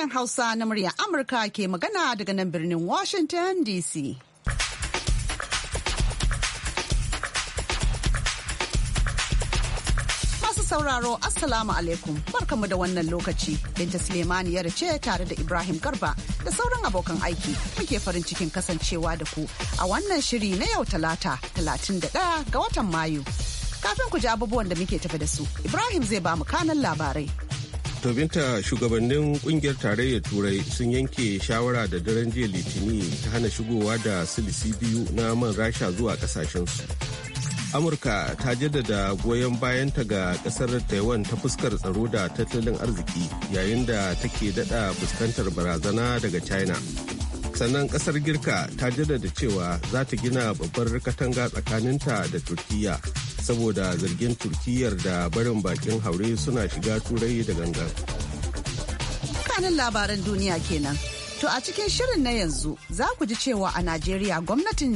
sashen Hausa na murya Amurka ke magana daga nan birnin Washington DC. Masu sauraro Assalamu alaikum barkamu da wannan lokaci. Binta Suleimani ya ce tare da Ibrahim Garba da sauran abokan aiki muke farin cikin kasancewa da ku a wannan shiri na yau talata 31 ga watan Mayu. Kafin ku ji abubuwan da muke tafi da su, Ibrahim zai ba mu kanan labarai. To binta shugabannin kungiyar tarayyar turai sun yanke shawara da daren jiya litini ta hana shigowa da silisi biyu na man rasha zuwa kasashensu. Amurka ta jaddada goyon bayanta ga kasar Taiwan ta fuskar tsaro da tattalin arziki yayin da take dada fuskantar barazana daga China. Sannan kasar Girka ta jaddada cewa za ta gina babbar katanga tsakaninta da Turkiyya. saboda zargin turkiyyar da barin bakin haure suna shiga turai da ganga. kanin labaran duniya kenan to a cikin shirin na yanzu za ku ji cewa a najeriya gwamnatin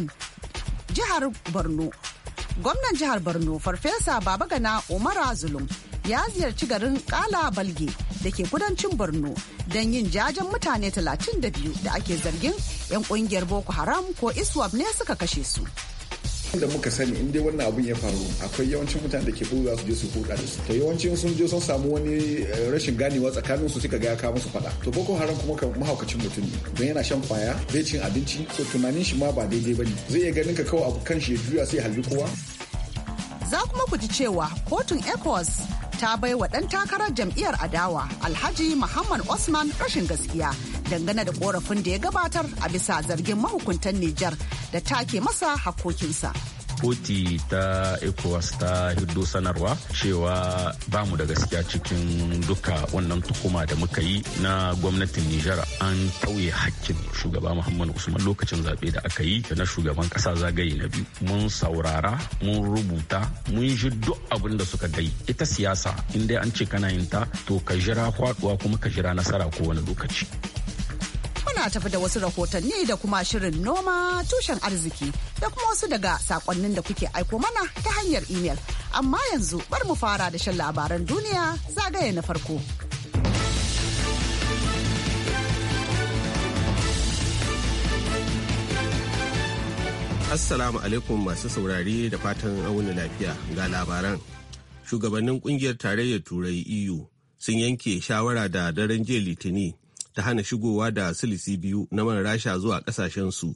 jihar borno gwamnan jihar borno farfesa babagana umara zulum ya ziyarci garin kala balge da ke kudancin borno don yin jajen mutane 32 da ake zargin 'yan kungiyar boko haram ko iswab ne suka kashe su. da muka sani in dai wannan abun ya faru akwai yawancin mutane da ke buga su je su hulɗa da su to yawancin sun je sun samu wani eh, rashin ganewa tsakanin su suka ga ya musu faɗa to boko haram kuma kan mahaukacin mutum ne don yana shan kwaya bai cin abinci ko tunanin shi ma ba daidai bane zai iya ganin ka kawai abu kan shi ya juya sai halbi kowa za kuma ku ji cewa kotun ecos ta bai wa ɗan takarar jam'iyyar adawa alhaji muhammad osman rashin gaskiya dangane da korafin da ya gabatar a bisa zargin mahukuntan nijar da take masa hakokinsa. koti ta ecowas ta hiddo sanarwa cewa ba mu da gaskiya cikin duka wannan tuhuma da muka yi na gwamnatin nijar an tauye hakkin shugaba muhammadu usman lokacin zaɓe da aka yi na shugaban ƙasa zagaye na biyu mun saurara mun rubuta mun ji duk abin da suka dai. ita siyasa inda an ce kana yin ta to ka jira kwaduwa kuma ka jira nasara wani lokaci muna tafi da wasu rahotanni da kuma shirin noma tushen arziki da kuma wasu daga sakonnin da kuke aiko mana ta hanyar imel. Amma yanzu bar mu fara da shan labaran duniya zagaye na farko. Assalamu alaikum masu saurari da fatan auni lafiya ga labaran. Shugabannin kungiyar tarayyar turai EU sun yanke shawara da daren jiya litini ta hana shigowa da silisi biyu na man rasha zuwa su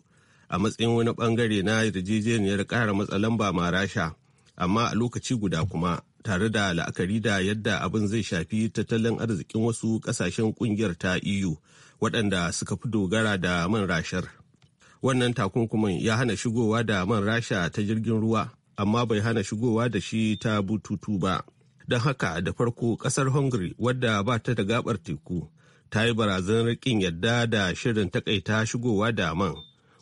a matsayin wani bangare na yarjejeniyar ƙara matsa lamba ma rasha amma a lokaci guda kuma tare da la'akari da yadda abin zai shafi tattalin arzikin wasu kasashen kungiyar ta eu waɗanda suka fi dogara da man rashar wannan takunkumin ya hana shigowa da man rasha ta jirgin ruwa amma bai hana shigowa da shi ta bututu ba don haka da farko ƙasar hungary wadda ba ta da gabar teku ta yi barazanar ƙin yadda da shirin takaita shigowa da man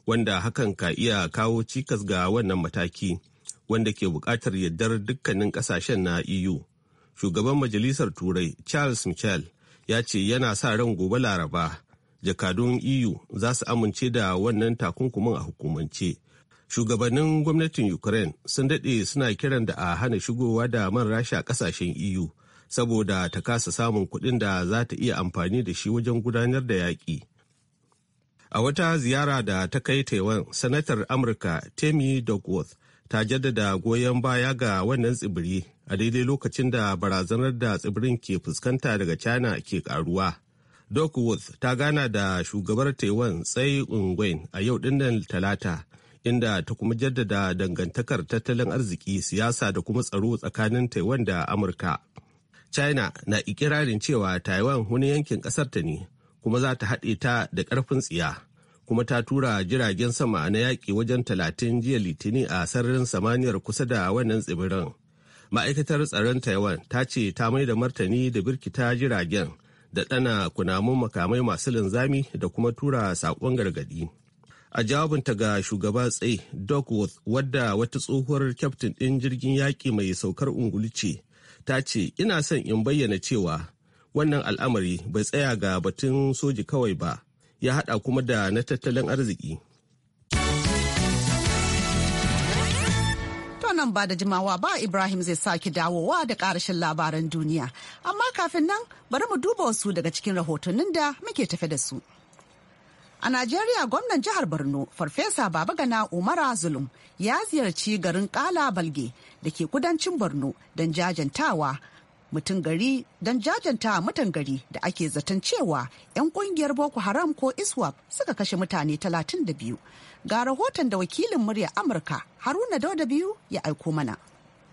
wanda hakan ka iya kawo cikas ga wannan mataki wanda ke buƙatar yardar dukkanin ƙasashen na eu shugaban majalisar turai charles michel ya ce yana sa ran gobe laraba jakadun eu za su amince da wannan takunkumin a hukumance shugabannin gwamnatin ukraine sun daɗe suna kiran da a hana shigowa da man rasha ƙasashen eu saboda ta kasa samun kuɗin da za ta iya amfani da shi wajen gudanar da yaƙi. A wata ziyara da ta kai Taiwan, Sanatar Amurka temi Duckworth ta jaddada goyon baya ga wannan tsibiri a daidai lokacin da barazanar da tsibirin ke fuskanta daga China ke karuwa. Duckworth ta gana da shugabar Taiwan Tsai Ungwen a yau dinnan Talata, inda ta kuma jaddada dangantakar tattalin arziki, siyasa da kuma tsaro tsakanin Taiwan da Amurka. China na ikirarin cewa Taiwan wani yankin ƙasarta ta ne kuma za ta haɗe ta da ƙarfin tsiya. kuma ta tura jiragen sama na yaƙi wajen talatin jiya litini a sararin samaniyar kusa da wannan tsibirin. Ma'aikatar tsaron Taiwan ta ce ta mai da martani da birkita jiragen da ɗana kunamun makamai masu linzami da kuma tura saƙon gargaɗi. A jawabinta ga shugaba tsaye Duckworth wadda wata tsohuwar kyaftin ɗin jirgin yaƙi mai saukar ungulu ce ta ce ina son in bayyana cewa wannan al'amari bai tsaya ga batun soji kawai ba ya hada kuma da na tattalin arziki. nan ba da jimawa ba Ibrahim zai sake dawowa da karashin labaran duniya. Amma kafin nan bari mu duba wasu daga cikin rahotannin da muke tafe da su. A Najeriya gwamnan jihar Borno Farfesa Gana Umara Zulum ya ziyarci garin Kala Balge da ke kudancin Borno don jajantawa mutum gari don jajanta mutan gari da ake zaton cewa 'yan kungiyar Boko Haram ko ISWAP suka kashe mutane 32. Ga rahoton da wakilin murya Amurka Haruna Dauda biyu ya aiko mana.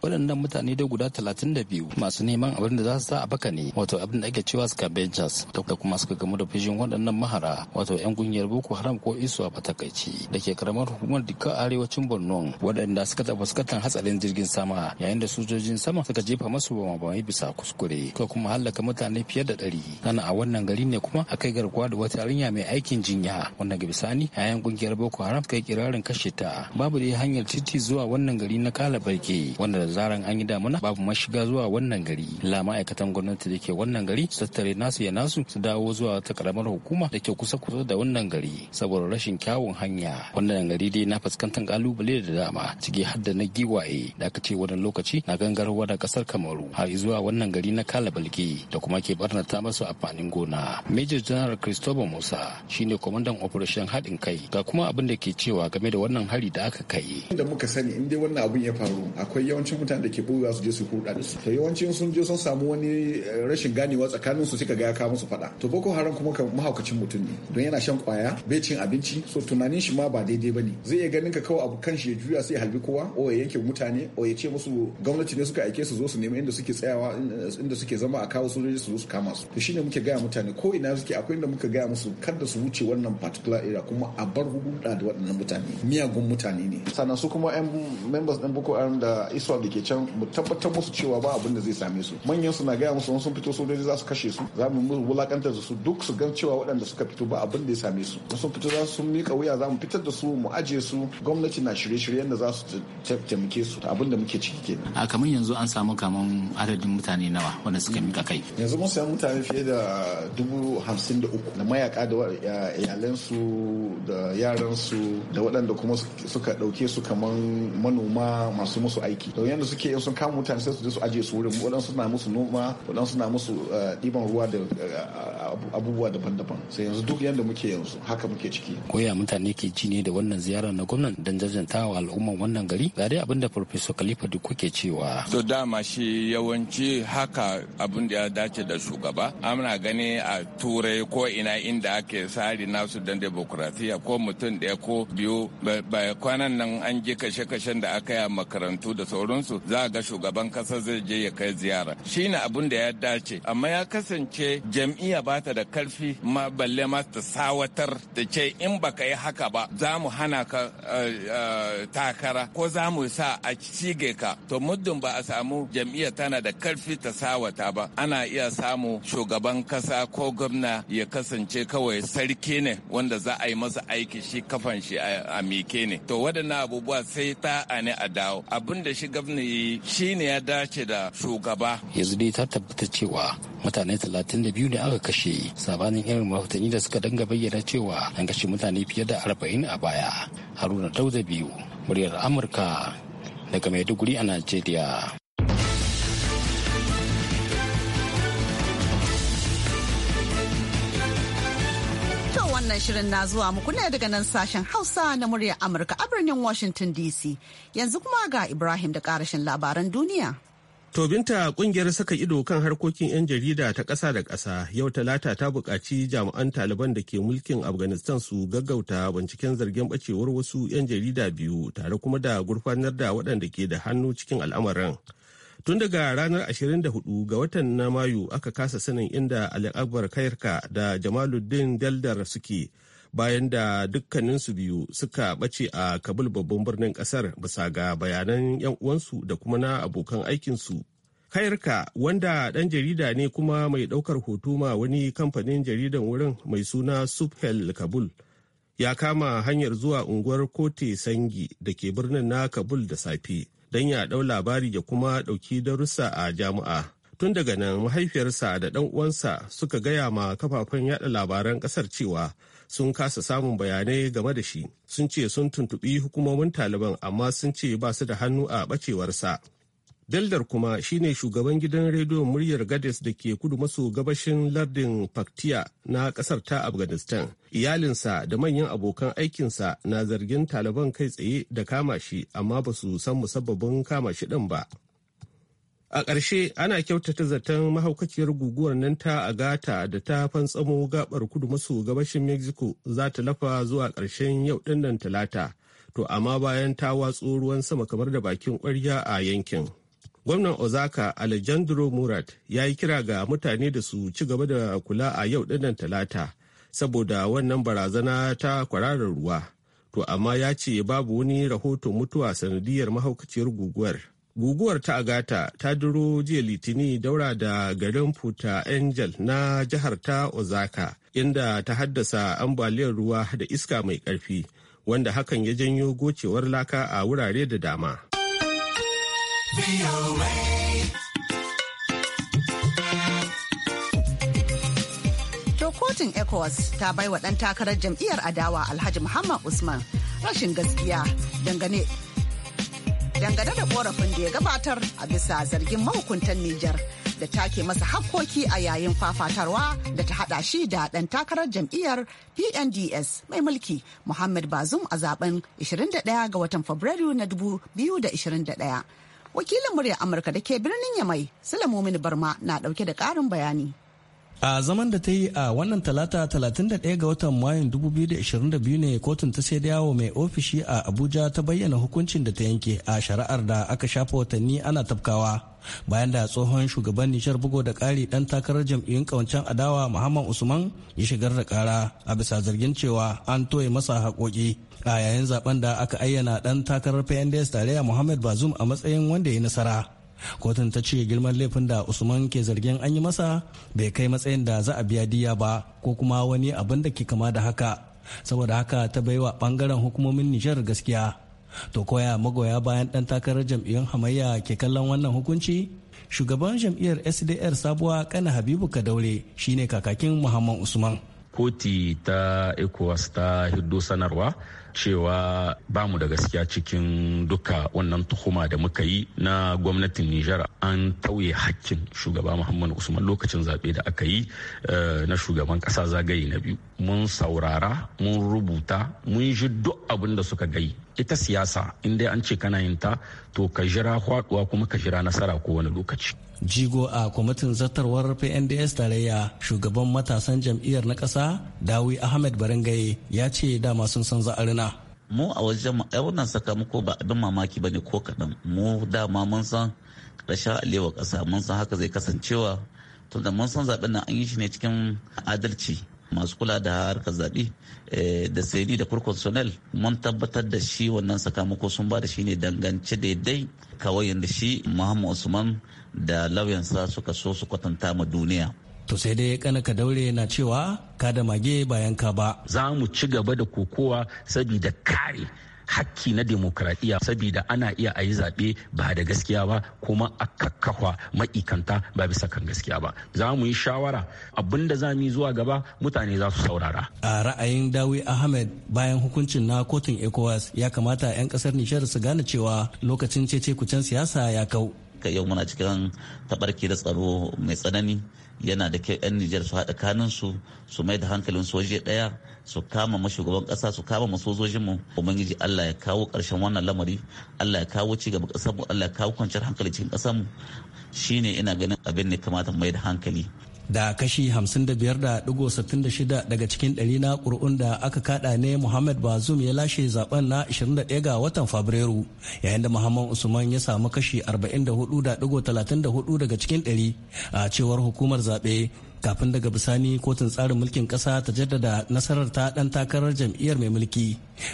waɗannan mutane da guda 32 masu neman abin da za su sa a baka ne wato abin da ake cewa suka benchers da kuma suka gamu da fushin waɗannan mahara wato 'yan kungiyar boko haram ko isu ba takaici da ke karamar hukumar dika arewacin borno waɗanda suka taɓa fuskantar hatsarin jirgin sama yayin da sojojin sama suka jefa masu bamai bisa kuskure ko kuma hallaka mutane fiye da ɗari kana a wannan gari ne kuma a kai garkuwa da wata yarinya mai aikin jinya wanda ga bisani 'yan kungiyar boko haram suka yi kirarin kashe ta babu dai hanyar titi zuwa wannan gari na kala barke wanda zaran an yi damuna babu mashiga zuwa wannan gari la ma'aikatan gwamnati da ke wannan gari su tattare nasu ya nasu su dawo zuwa ta karamar hukuma da ke kusa kusa da wannan gari saboda rashin kyawun hanya wannan gari dai na fuskantar kalubale da dama ciki har da na giwaye da aka ce wani lokaci na gangarwa da kasar kamaru har zuwa wannan gari na kala balge da kuma ke barnata masu amfanin gona major general christopher musa shine kwamandan operation haɗin kai ga kuma abin da ke cewa game da wannan hari da aka kai inda muka sani in dai wannan abin ya faru akwai yawancin mutane da ke buga su je su hurɗa da su to yawancin sun je sun samu wani eh, rashin ganewa tsakanin su suka ga ya kawo musu faɗa to boko haram kuma ka mahaukacin mutum ne don yana shan kwaya bai cin abinci so tunanin shi ma ba daidai ba ne zai iya ganin ka kawai abu kan shi ya juya sai ya halbi kowa o ya yanke mutane o ya ce musu gwamnati ne suka aike su zo su nemi inda suke tsayawa eh, inda suke zama a kawo sojoji su zo su kama su to shine muke gaya mutane ko ina suke akwai inda muka gaya musu kada su wuce wannan particular area kuma a bar hudu da waɗannan mutane miyagun mutane ne sannan su kuma yan members ɗin boko haram da iswap da ke can mu tabbatar musu cewa ba abin da zai same su manyan su na gaya musu sun fito sojoji za su kashe su za mu wulakantar su duk su gan cewa waɗanda suka fito ba abin da ya same su sun fito za su mika wuya za mu fitar da su mu aje su gwamnati na shirye-shiryen da za su taimake su abin da muke ciki kenan a kamar yanzu an samu kaman adadin mutane nawa wanda suka mika kai yanzu mun samu mutane fiye da dubu hamsin da uku da mayaka da iyalansu da yaransu da waɗanda kuma suka ɗauke su kaman manoma masu musu aiki da suke yin sun kama mutane sai su je su aje su wurin waɗansu na musu noma waɗansu na musu eh, ɗiban ruwa da eh, abubuwa daban-daban sai yanzu duk yadda muke yanzu haka muke ciki koya mutane ke ji ne da wannan ziyara na gwamnan don jajanta wa al'umman wannan gari ga dai abinda farfesa khalifa duk kuke cewa to dama shi yawanci haka abin da ya dace da shugaba ana gani a turai ko ina inda ake tsari nasu don demokratiya ko mutum ɗaya ko biyu kwanan nan an ji kashe-kashen da aka yi a makarantu da sauran su za ga shugaban kasa zai je ya kai ziyara shine abun da ya dace amma ya kasance jam'iyya ba ta da karfi ma balle ma ta sawatar da ce in baka yi haka ba za mu hana ka eh, eh, takara ko za mu sa a cige ka to muddin ba a samu jam'iyya tana da karfi ta sawata ba ana iya samu shugaban kasa ko gwamna ya kasance kawai sarki ne wanda za a yi masa aiki shi kafan shi a mike ne to waɗannan abubuwa sai ta ne a dawo abin da shi gwamna ne shi ne ya dace da shugaba yanzu dai ta tabbata cewa mutane talatin da biyu ne aka kashe sabanin irin mahutani da suka danga bayyana cewa an kashe mutane fiye da arba'in a baya haruna dauda biyu muryar amurka daga maiduguri a najeriya wannan shirin na zuwa muku ne daga nan sashen Hausa na muryar Amurka a birnin Washington DC. Yanzu kuma ga Ibrahim da karashin labaran duniya. To binta kungiyar saka ido kan harkokin 'yan jarida ta ƙasa da kasa yau talata ta buƙaci jami'an taliban da ke mulkin Afghanistan su gaggauta binciken zargin bacewar wasu 'yan jarida biyu tare kuma da gurfanar da waɗanda ke da hannu cikin al'amarin. Tun daga ranar 24 ga watan na Mayu aka kasa sanin inda al'abar Kayarka da Jamaluddin Daldar suke bayan da dukkaninsu biyu suka bace a Kabul babban birnin kasar bisa ga bayanan 'yan uwansu da kuma na abokan aikinsu. Kayarka wanda dan jarida ne kuma mai daukar hoto ma wani kamfanin jaridan wurin mai suna Suphel Kabul. ya kama hanyar zuwa unguwar kote sangi da ke birnin na kabul da safe don ya ɗau labari ya kuma ɗauki darussa a jami'a. Tun daga nan mahaifiyarsa da ɗan uwansa suka gaya ma kafafen yaɗa labaran ƙasar cewa sun kasa samun bayanai game da shi. Sun ce sun tuntuɓi hukumomin Taliban amma sun ce ba su da hannu a ɓacewarsa. Beldar kuma shine shugaban gidan rediyon muryar Gades da ke kudu maso gabashin lardin Paktiya na kasar ta Afghanistan. Iyalinsa da manyan abokan aikinsa na zargin Taliban kai tsaye da kama shi amma ba su san musabbabin kama shi ɗin ba. A ƙarshe ana kyautata zaton mahaukaciyar guguwar nan ta Agata da ta fantsamo gabar kudu maso gabashin Mexico za ta lafa zuwa ƙarshen yau ɗin nan talata. To amma bayan ta watso ruwan sama kamar da bakin ƙwarya a yankin. gwamnan ozaka alejandro murat ya yi kira ga mutane da su ci gaba da kula a yau dinnan talata saboda wannan barazana ta kwararar ruwa to amma ya ce babu wani rahoton mutuwa sanadiyar mahaukaciyar guguwar guguwar ta agata ta duro jiya litini daura da garin puta angel na jihar ta ozaka inda ta haddasa ambaliyar ruwa da iska mai karfi wanda hakan ya janyo gocewar laka a wurare da dama To kotun ECOWAS ta bai wa ɗan takarar jam'iyyar adawa Alhaji Muhammad Usman rashin gaskiya dangane dangane da korafin da ya gabatar a bisa zargin mahukuntan Nijar da take masa hakkoki a yayin fafatarwa da ta hada shi da ɗan takarar jam'iyyar PNDS mai mulki Muhammad Bazum a zaben 21 ga watan Fabrairu na 2021. wakilin murya amurka da ke birnin yamai sulamomin barma na dauke da karin bayani a zaman da ta yi a wannan talata 31 ga watan mayun 2022 ne kotun ta sai yawo mai ofishi a abuja ta bayyana hukuncin da ta yanke a shari'ar da aka shafa watanni ana tafkawa bayan da tsohon shugaban nishar bugo da kari ɗan takarar jam'iyyun kawancen adawa muhammad usman ya shigar da kara a bisa zargin cewa an toye masa haƙoƙi a yayin zaben da aka ayyana dan takarar pnds tarayya muhammad bazum a matsayin wanda ya nasara kotun ta ce girman laifin da usman ke zargin an yi masa bai kai matsayin da za a biya diya ba ko kuma wani abin da ke kama da haka saboda haka ta baiwa bangaren hukumomin nijar gaskiya to koya magoya bayan dan takarar jam'iyyun hamayya ke kallon wannan hukunci shugaban jam'iyyar sdr sabuwa kana habibu kadaure shine kakakin muhammad usman koti ta ecowas ta hiddo sanarwa cewa ba mu da gaskiya cikin duka wannan tuhuma da muka yi na gwamnatin Nijar an tauye hakkin shugaba Muhammad Usman lokacin zaɓe da aka yi eh, na shugaban ƙasa zagaye na biyu. Mun saurara, mun rubuta, mun ji duk abin da suka gai. Ita siyasa, inda an ce kana yin ta, to ka jira kwaɗuwa kuma ka jira nasara ko wani lokaci. jigo a kwamitin zartarwar pnds tarayya shugaban matasan jam'iyyar na ƙasa dawi ahmed barangaye ya ce dama sun san za'arina mu a wajen wannan sakamako ba abin mamaki ba ne ko kaɗan mu dama mun san a alewa ƙasa mun san haka zai kasancewa tunda mun san zaɓen nan an yi shi ne cikin adalci masu kula da harkar zaɓe eh, da sayi da kurkonsonel mun tabbatar da shi wannan sakamako sun ba da shi ne dangance daidai kawai da shi muhammad usman da lauyansa suka so su kwatanta ma duniya to sai dai kana ka daure na cewa ka da mage bayan ka ba za mu ci gaba da kokowa sabida kare hakki na demokradiyya saboda ana iya a yi zaɓe ba da gaskiya ba kuma a kakkawa ma'ikanta ba bisa kan gaskiya ba za mu yi shawara abin da za mu yi zuwa gaba mutane za su saurara a ra'ayin dawi ahmed bayan hukuncin na kotun ecowas ya kamata 'yan kasar nishar su gane cewa lokacin cece kucen siyasa ya kau yau muna cikin tabarki da tsaro mai tsanani yana da kyau 'yan nijar su haɗa kanin su su mai da hankalin soje ɗaya su kama mu shugaban kasa su kama mu sojojin mu ubangiji Allah ya kawo karshen wannan lamari Allah ya kawo ci gaba kasar mu Allah ya kawo kwanciyar hankali cikin kasar mu shine ina ganin abin ne kamata mai da hankali da kashi 55.66 daga cikin ɗari na ƙuri'un da aka kada ne Muhammad Bazoum ya lashe zaben na 21 ga watan Fabrairu yayin da Muhammad Usman ya samu kashi 44.34 daga cikin ɗari a cewar hukumar zaɓe kafin daga bisani kotun tsarin mulkin kasa ta jaddada nasarar ta ɗan takarar jam'iyyar mai mulki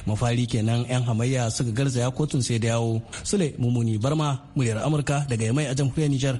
mafari kenan 'yan hamayya suka garzaya kotun sai yawo sule mumuni barma muryar amurka daga yamai a jamhuriyar nijar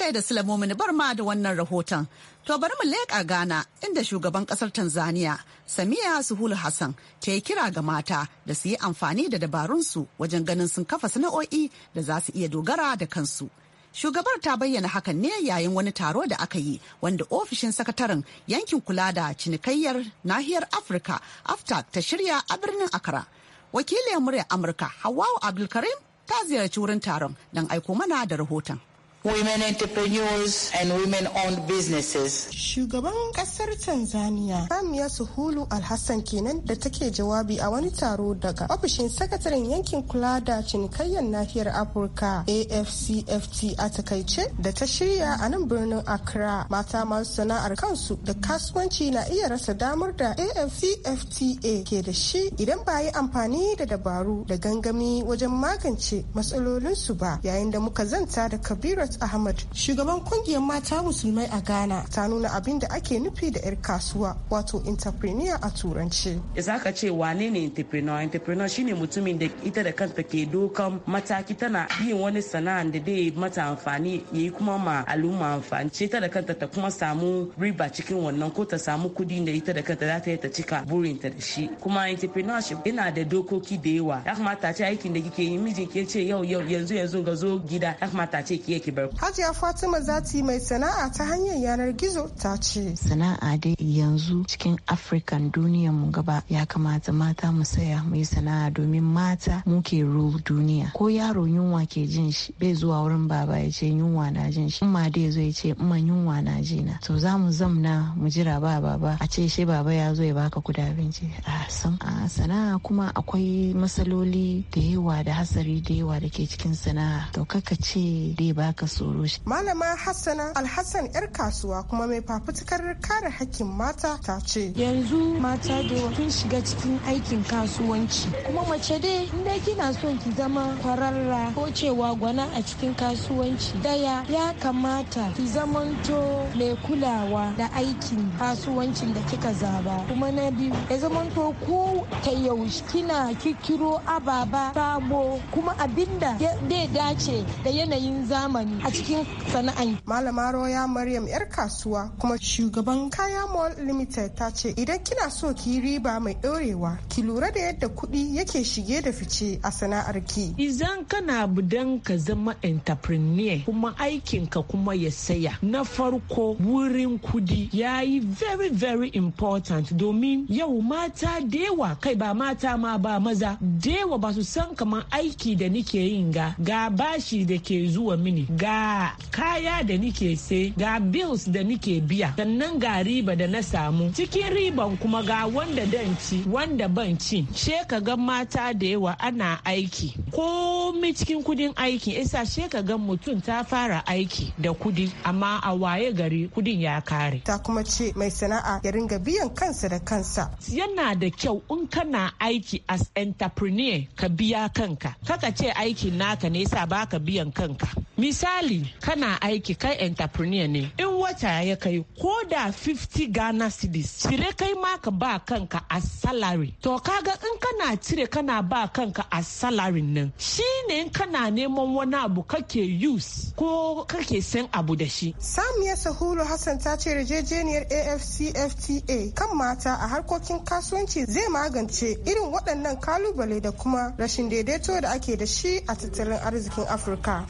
gai da silamomin barma da wannan rahoton. To bari mu leƙa gana inda shugaban ƙasar Tanzania Samiya Suhulu Hassan ta yi kira ga mata da su yi amfani da dabarunsu wajen ganin sun kafa sana'o'i da za su iya dogara da kansu. Shugabar ta bayyana hakan ne yayin wani taro da aka yi wanda ofishin sakataren yankin kula da cinikayyar nahiyar Afirka AFTAC ta shirya a birnin Accra. Wakiliyar muryar Amurka Hawwa Abdulkarim ta ziyarci wurin taron don aiko mana da rahoton. women entrepreneurs and women owned businesses. Shugaban kasar Tanzania, Samia Suhulu Alhassan kenan da take jawabi a wani taro daga ofishin sakataren yankin kula da cinikayyar nahiyar Afirka AFCFT a takaice da ta shirya a nan birnin Accra. Mata masu sana'ar kansu da kasuwanci na iya rasa damar da AFCFTA ke da shi idan ba yi amfani da dabaru da gangami wajen magance matsalolinsu ba yayin da muka zanta da kabirat Sadat Ahmad, shugaban kungiyar mata musulmai a Ghana, ta nuna abin da ake nufi da 'yar kasuwa wato entrepreneur a turanci. Za ka ce wane ne entrepreneur? Entrepreneur shine mutumin da ita da kanta ke dokan mataki tana yin wani sana'a da dai mata amfani yayi kuma ma al'umma amfani. Ce ta da kanta ta kuma samu riba cikin wannan ko ta samu kudi da ita da kanta za ta yi ta cika burinta da shi. Kuma entrepreneurship yana da dokoki da yawa. Ya kamata ce aikin da kike yi mijin ke ce yau yau yanzu yanzu ga zo gida ya kamata ce ki yake bar Arab. Hajiya Fatima Zati mai sana'a ta hanyar yanar gizo ta ce. Sana'a dai yanzu cikin Afrika duniyar mu gaba ya kamata mata mu saya muyi sana'a domin mata muke rule duniya. Ko yaro yunwa ke jin shi bai zuwa wurin baba ya ce yunwa na jin shi. Umma dai zai ce umma yunwa na ji na. To za mu zamna mu jira ba baba a ce shi baba ya zo ya baka kuda binci. A san a sana'a kuma akwai matsaloli da yawa da hasari da yawa da ke cikin sana'a. To kaka ce dai baka tsoro Malama Hassana Alhassan 'yar kasuwa kuma mai fafutukar kare hakkin mata ta ce. Yanzu mata da sun shiga cikin aikin kasuwanci kuma mace dai inda kina son ki zama kwararra ko cewa gwana a cikin kasuwanci daya ya kamata ki zamanto mai kulawa da aikin kasuwancin da kika zaba kuma na biyu ya zamanto ko ta yaushe kina kikiro ababa sabo kuma abinda dai dace da yanayin zamani a cikin sana'an. Malama Roya Maryam 'yar kasuwa kuma shugaban Kaya Mall Limited ta ce idan kina so ki riba mai ɗorewa ki lura da yadda kuɗi yake shige da fice a sana'ar ki. Idan kana budan ka zama entrepreneur kuma aikin ka kuma ya saya na farko wurin kudi ya yi very very important domin yau mata dewa kai ba mata ma ba maza dewa ba su san kamar aiki da nike yin ga ga bashi da ke zuwa mini ga kaya da nike sai ga bills da nike biya sannan ga riba da na samu cikin riban kuma ga wanda dan wanda ban ci she ga mata da yawa ana aiki komai cikin kudin aiki isa she ka ga mutum ta fara aiki da kudi amma a waye gari kudin ya kare ta kuma ce mai sana'a ya ringa biyan kansa da kansa yana da kyau in kana aiki as entrepreneur ka biya kanka kaka ce aikin naka ne yasa baka biyan kanka misali kana aiki kai entrepreneur ne in wata ya kai ko da 50 ghana cedis cire kai ma ka ba kanka a salary to kaga in kana cire kana ba kanka a salary nan shine in kana neman wani abu kake use ko kake san abu da shi samiya sahulu hassan ta ce yarjejeniyar afcfta kan mata a harkokin kasuwanci zai magance irin waɗannan kalubale da kuma rashin daidaito da ake da shi a tattalin arzikin afirka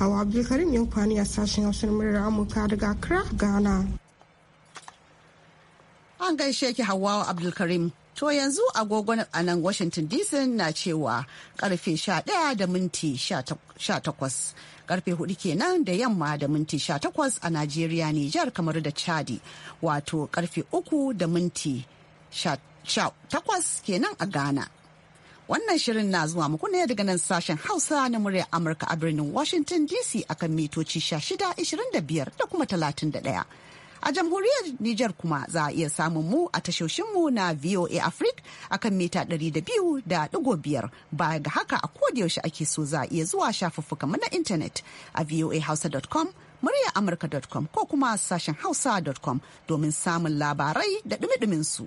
Abdulkarim Yankwani a sashen Hausar murar Amurka daga kira Ghana. An gaishe ki wa Abdulkarim. To yanzu agogon a nan Washington DC na cewa karfe 11 da minti 18 karfe 4 kenan da yamma da minti 18 a Najeriya Nijar kamar da Chadi wato karfe 3 da minti 18 kenan a Ghana. Wannan shirin na zuwa muku ne daga nan sashen Hausa na muryar Amurka a birnin Washington DC akan mitoci 1625 da kuma 31. A jamhuriyar Nijar kuma za a iya samun mu a tashoshinmu na VOA Africa akan mita ɗari da ɗigo biyar baya ga haka a yaushe ake so za a iya zuwa shafuffukanmu na intanet a voahausa.com murya amurka.com ko kuma sashen hausa.com domin samun labarai da dumi su.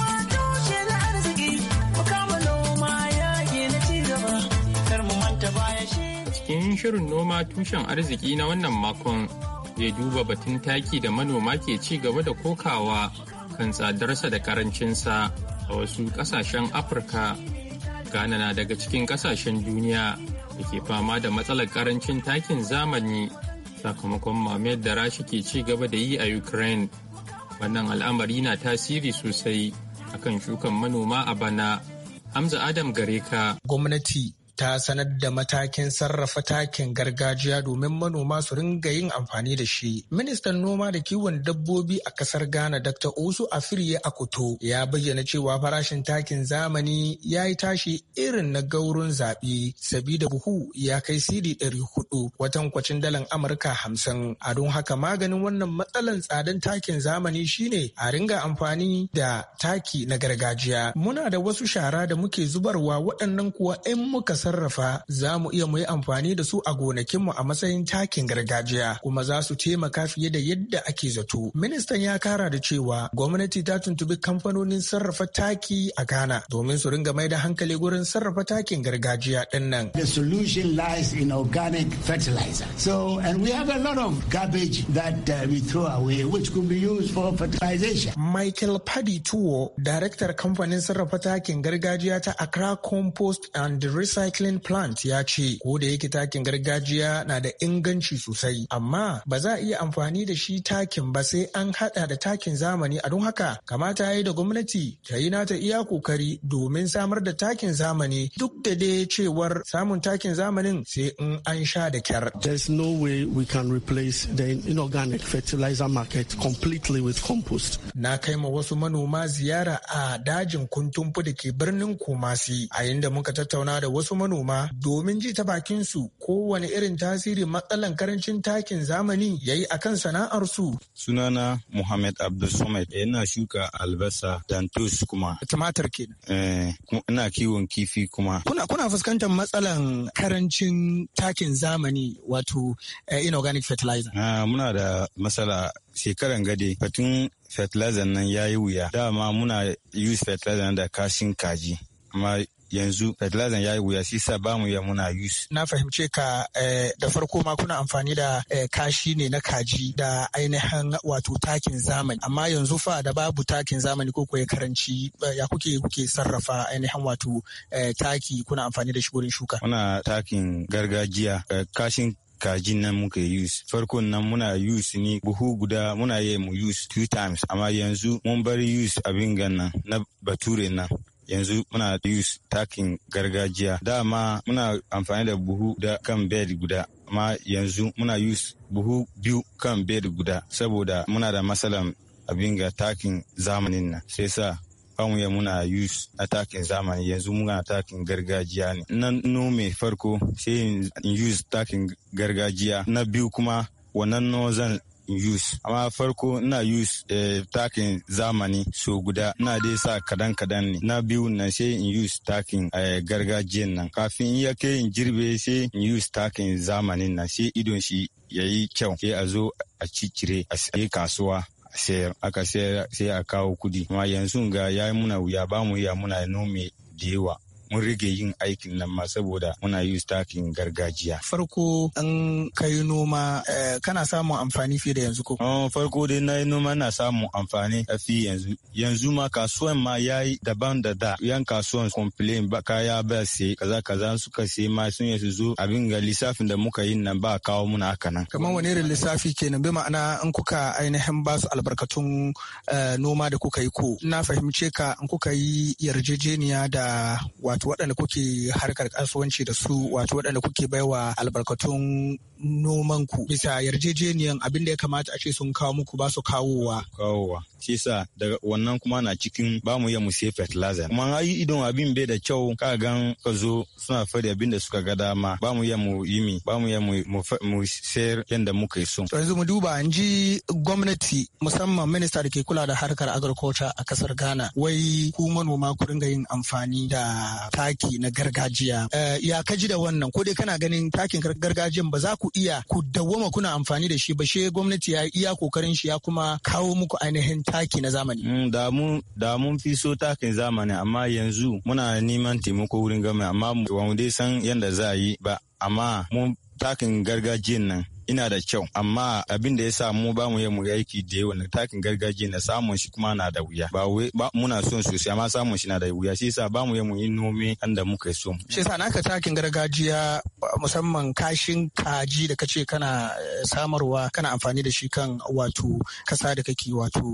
cikin shirin noma tushen arziki na wannan makon zai duba batun taki da manoma ke ci gaba da kokawa kan tsadarsa da karancinsa a wasu kasashen afirka ghana na daga cikin kasashen duniya da ke fama da matsalar karancin takin zamani sakamakon mamayar da rashi ke ci gaba da yi a ukraine wannan al'amari na tasiri sosai akan shukan manoma a bana hamza adam Gareka. gwamnati ta sanar da matakin sarrafa takin gargajiya domin manoma su ringa yin amfani da shi. Ministan noma da kiwon dabbobi a kasar Ghana Dr. Osu Afirye Akuto ya bayyana cewa farashin takin zamani ya yi tashi irin na gaurun zaɓe sabida buhu ya kai sidi ɗari hudu watan kwacin dalan Amurka hamsin. A don haka maganin wannan matsalan tsadan takin zamani shine a ringa amfani da taki na gargajiya. Muna da wasu shara da muke zubarwa waɗannan kuwa in muka sa sarrafa za mu iya mu yi amfani da su a gonakinmu a matsayin takin gargajiya kuma za su taimaka fiye da yadda ake zato. Ministan ya kara da cewa gwamnati ta tuntubi kamfanonin sarrafa taki a Ghana domin su ringa mai da hankali gurin sarrafa takin gargajiya din nan. The solution lies in organic fertilizer. So and we have a lot of garbage that uh, we throw away which could be used for fertilization. Michael Paddy Tuwo, daraktar kamfanin sarrafa takin gargajiya ta Accra Compost and Recycling recycling plant ya ce ko da yake takin gargajiya na da inganci sosai amma ba za a iya amfani da shi takin ba sai an hada da takin zamani a don haka kamata ya yi da gwamnati ta yi nata iya kokari domin samar da takin zamani duk da dai cewar samun takin zamanin sai in an sha da kyar. There's no way we can replace the inorganic fertilizer market completely with compost. Na kai ma wasu manoma ziyara a dajin kuntumfu da ke birnin Kumasi a inda muka tattauna da wasu manoma domin ji ta bakin su kowane irin tasiri matsalan karancin takin zamani ya yi akan sana'ar su. Sunana Muhammad Abdul yana shuka albasa dantus kuma. Tumatir ke. Eh, ina kiwon kifi kuma. Kuna kuna fuskantar matsalan karancin takin zamani wato eh, inorganic fertilizer. Ah, muna da matsala shekaran gade batun fertilizer nan ya yi wuya dama muna use fertilizer da kashin kaji amma yanzu fertilizer ya yi wuya shi sa ba mu ya muna use. Na fahimce ka eh, da farko ma kuna amfani da eh, kashi ne na kaji da ainihin wato takin zamani amma yanzu fa da babu takin zamani ko kuwa karanci eh, ya kuke kuke sarrafa ainihin wato taki kuna amfani da shi wurin shuka. Muna takin gargajiya kashin kajin nan muka use farkon nan muna use ni buhu guda muna yi mu use two times amma yanzu mun bari use abin gan nan na bature nan yanzu muna use takin gargajiya dama muna amfani da buhu da kan bed guda amma yanzu muna use buhu biyu kan bed guda saboda muna da matsalan abin ga takin zamanin nan sai sa ya muna use a takin zamani yanzu muna takin gargajiya ne na nome farko sai in use takin gargajiya na biyu kuma wannan no zan use amma farko ina use eh, takin zamani so guda ina dai sa kadan kadan ne na biyu na, sai in use takin eh, gargajiyan nan kafin in yake in jirbe sai in use takin zamani na. sai idon shi yayi kyau sai a zo a cicire a sai kasuwa sayar aka sayar sai a kawo kudi amma yanzu ga ya muna wuya ba mu ya muna nome da yawa mun rage yin aikin nan ma saboda muna use takin gargajiya. Farko an kai noma eh, kana samun amfani fiye da yanzu ko? Oh, farko dai na yi noma na samun amfani a fi yanzu. Yanzu ma kasuwan ma ya yi daban da da yan kasuwan complain ba kaya ba se kaza kaza suka se ma sun yi su zo abin ga lissafin da muka yi nan ba kawo muna haka nan. Kamar wani irin lissafi kenan bi ma'ana in kuka ainihin ba su albarkatun eh, noma da kuka yi ko na fahimce ka in kuka yi yarjejeniya da wato wato waɗanda kuke harkar kasuwanci da su wato waɗanda kuke baiwa albarkatun noman ku bisa yarjejeniyan abin da ya kamata a ce sun kawo muku ba su kawowa. Kawowa. Shi sa daga wannan kuma na cikin ba mu iya mu sai fertilizer. Kuma an yi idon abin bai da kyau ka gan ka zo suna fari abin da suka ga dama ba mu iya mu yi mi ba mu iya mu sayar yadda muka yi so. Yanzu mu duba an ji gwamnati musamman minista da ke kula da harkar agriculture a kasar Ghana wai ku manoma ku ringa yin amfani da taki na gargajiya. Eh, ya kaji da wannan ko dai kana ganin takin gargajiyan ba za ku ku iya ku dawwama kuna amfani da shi ba she gwamnati ya iya kokarin shi ya kuma kawo muku ainihin taki na zamani. Mm, da mun fi so takin zamani amma yanzu muna neman taimako wurin gama amma mu dai san yadda za a yi ba amma mun takin gargajiyan nan ina da kyau amma abin da ya sa mu ba mu yi mu aiki da yawa na takin gargajiya na samun shi kuma na da wuya ba wai muna son sosai amma samun shi na da wuya shi yasa ba mu yi mu yi nome kan da muka so shi yasa naka takin gargajiya musamman kashin kaji da kace kana eh, samarwa kana amfani da shi kan wato kasa da kake wato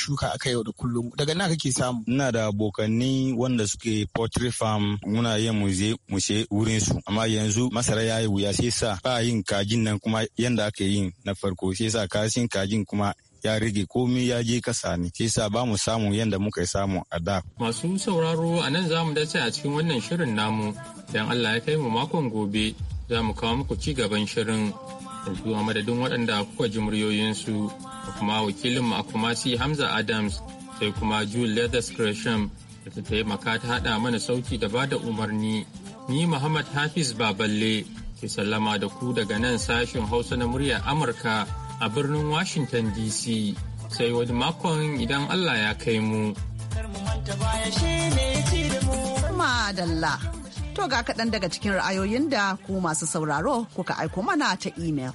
shuka akai yau da kullum daga na kake samu ina da abokanni wanda suke poultry farm muna yin mu je mu wurin su amma yanzu masara yayi wuya shi sa ba yin kajin nan kuma yanda aka yi na farko shi yasa kashin kajin kuma ya rage komai ya je kasa ne shi yasa ba mu samu yanda muka yi samu a da masu sauraro a nan za mu dace a cikin wannan shirin namu idan Allah ya kai mu makon gobe za mu kawo muku ci gaban shirin yanzu a madadin waɗanda kuka ji muryoyinsu da kuma wakilin mu a kumasi Hamza Adams sai kuma Jule Leathers da ta taimaka ta haɗa mana sauki da ba da umarni ni Muhammad Hafiz Baballe ke sallama da ku daga nan sashen Hausa na muryar Amurka a birnin Washington DC sai wani makon idan Allah ya kai mu. To ga kaɗan daga cikin ra'ayoyin da ku masu sauraro kuka aiko mana ta imel.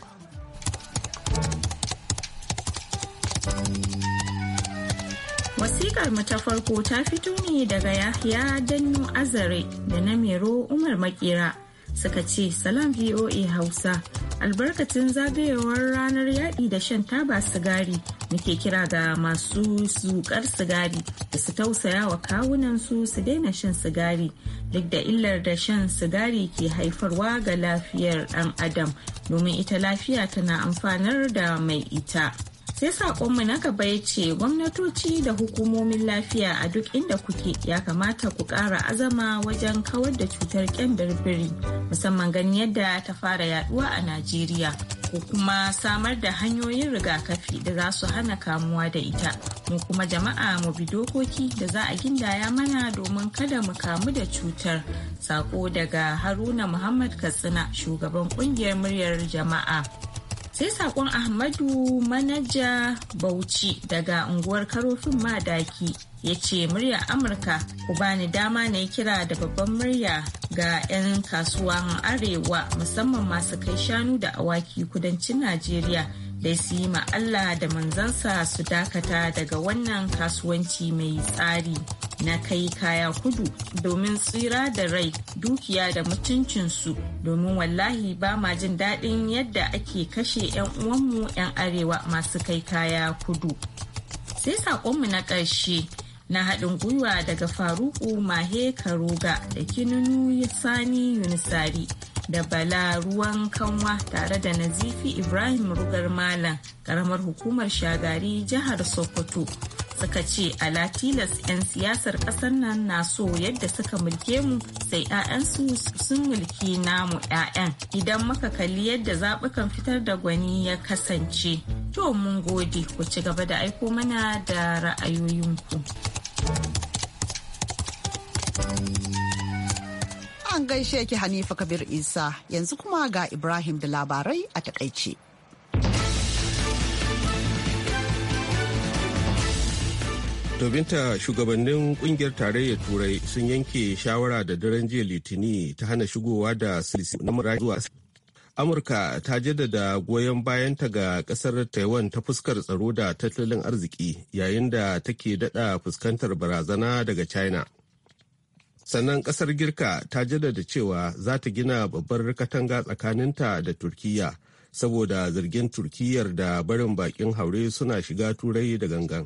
Wasikar ta farko ta fito ne daga Yahya Dannu Azare da na Mero Umar Makera. suka ce salam VOA Hausa albarkacin zagayowar ranar yaƙi da shan taba sigari muke kira ga masu zukar sigari da su tausaya wa kawunansu su daina shan sigari duk da illar da shan sigari ke haifarwa ga lafiyar ɗan adam domin ita lafiya tana amfanar da mai ita. sai sakonmu na gaba ya ce gwamnatoci da hukumomin lafiya a duk inda kuke ya kamata ku ƙara azama wajen kawar da cutar kyandar biri musamman ganin yadda ta fara yaduwa a najeriya ko kuma samar da hanyoyin rigakafi da za su hana kamuwa da ita mu kuma jama'a mu bi dokoki da za a gindaya mana domin kada mu kamu da cutar sako daga haruna muhammad katsina shugaban ƙungiyar muryar jama'a sai sakon ahmadu manaja bauchi daga unguwar karofin madaki ya ce murya amurka ku bani dama na kira da babban murya ga 'yan kasuwan arewa musamman masu kai shanu da awaki kudancin najeriya da su yi ma'alla da manzansa su dakata daga wannan kasuwanci mai tsari na kai kaya kudu domin tsira da rai dukiya da mutuncinsu domin wallahi ba ma jin daɗin yadda ake kashe 'yan uwanmu 'yan arewa masu kai kaya kudu sai saƙonmu na ƙarshe na haɗin gwiwa daga faruku mahe karoga da kinunu sani yunisari da Bala Ruwan Kanwa tare da Nazifi Ibrahim Rugar Malam karamar hukumar Shagari jihar Sokoto. suka ce ala tilas 'yan siyasar kasar nan na so yadda suka mulke mu sai 'ya'yansu sun mulki namu 'ya'yan idan muka kalli yadda zabukan fitar da gwani ya kasance to mun gode ku ci gaba da aiko mana da ra'ayoyinku. An gaishe ki Hanifa Kabir Isa yanzu kuma ga Ibrahim da labarai a takaice. Tobinta shugabannin kungiyar tarayyar turai sun yanke shawara da daren jiya litini ta hana shigowa da silisi na mura zuwa Amurka ta jaddada goyon bayanta ga kasar Taiwan ta fuskar tsaro da tattalin arziki yayin da take dada fuskantar barazana daga China. sannan kasar girka ta jaddada cewa za ta gina babbar katanga tsakaninta da turkiya saboda zargin turkiyar da barin bakin haure suna shiga turai da gangan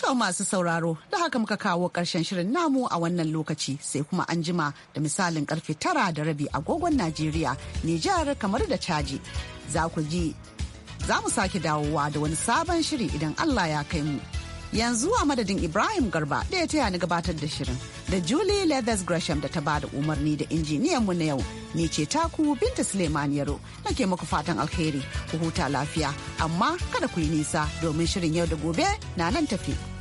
To masu sauraro da haka muka kawo ƙarshen shirin namu a wannan lokaci sai kuma an jima da misalin karfe tara da rabi agogon Najeriya, Nijar kamar da caji. Za ku ji za mu sake dawowa da wani sabon shiri idan Allah ya kai mu. yanzu a madadin ibrahim garba da ya taya ni gabatar da shirin da julie leathers gresham da ta ba da umarni da injiniyan mu na yau ni ce taku binta suleiman yaro nake muku fatan alheri ku huta lafiya amma kada ku yi nisa domin shirin yau da gobe na nan tafi.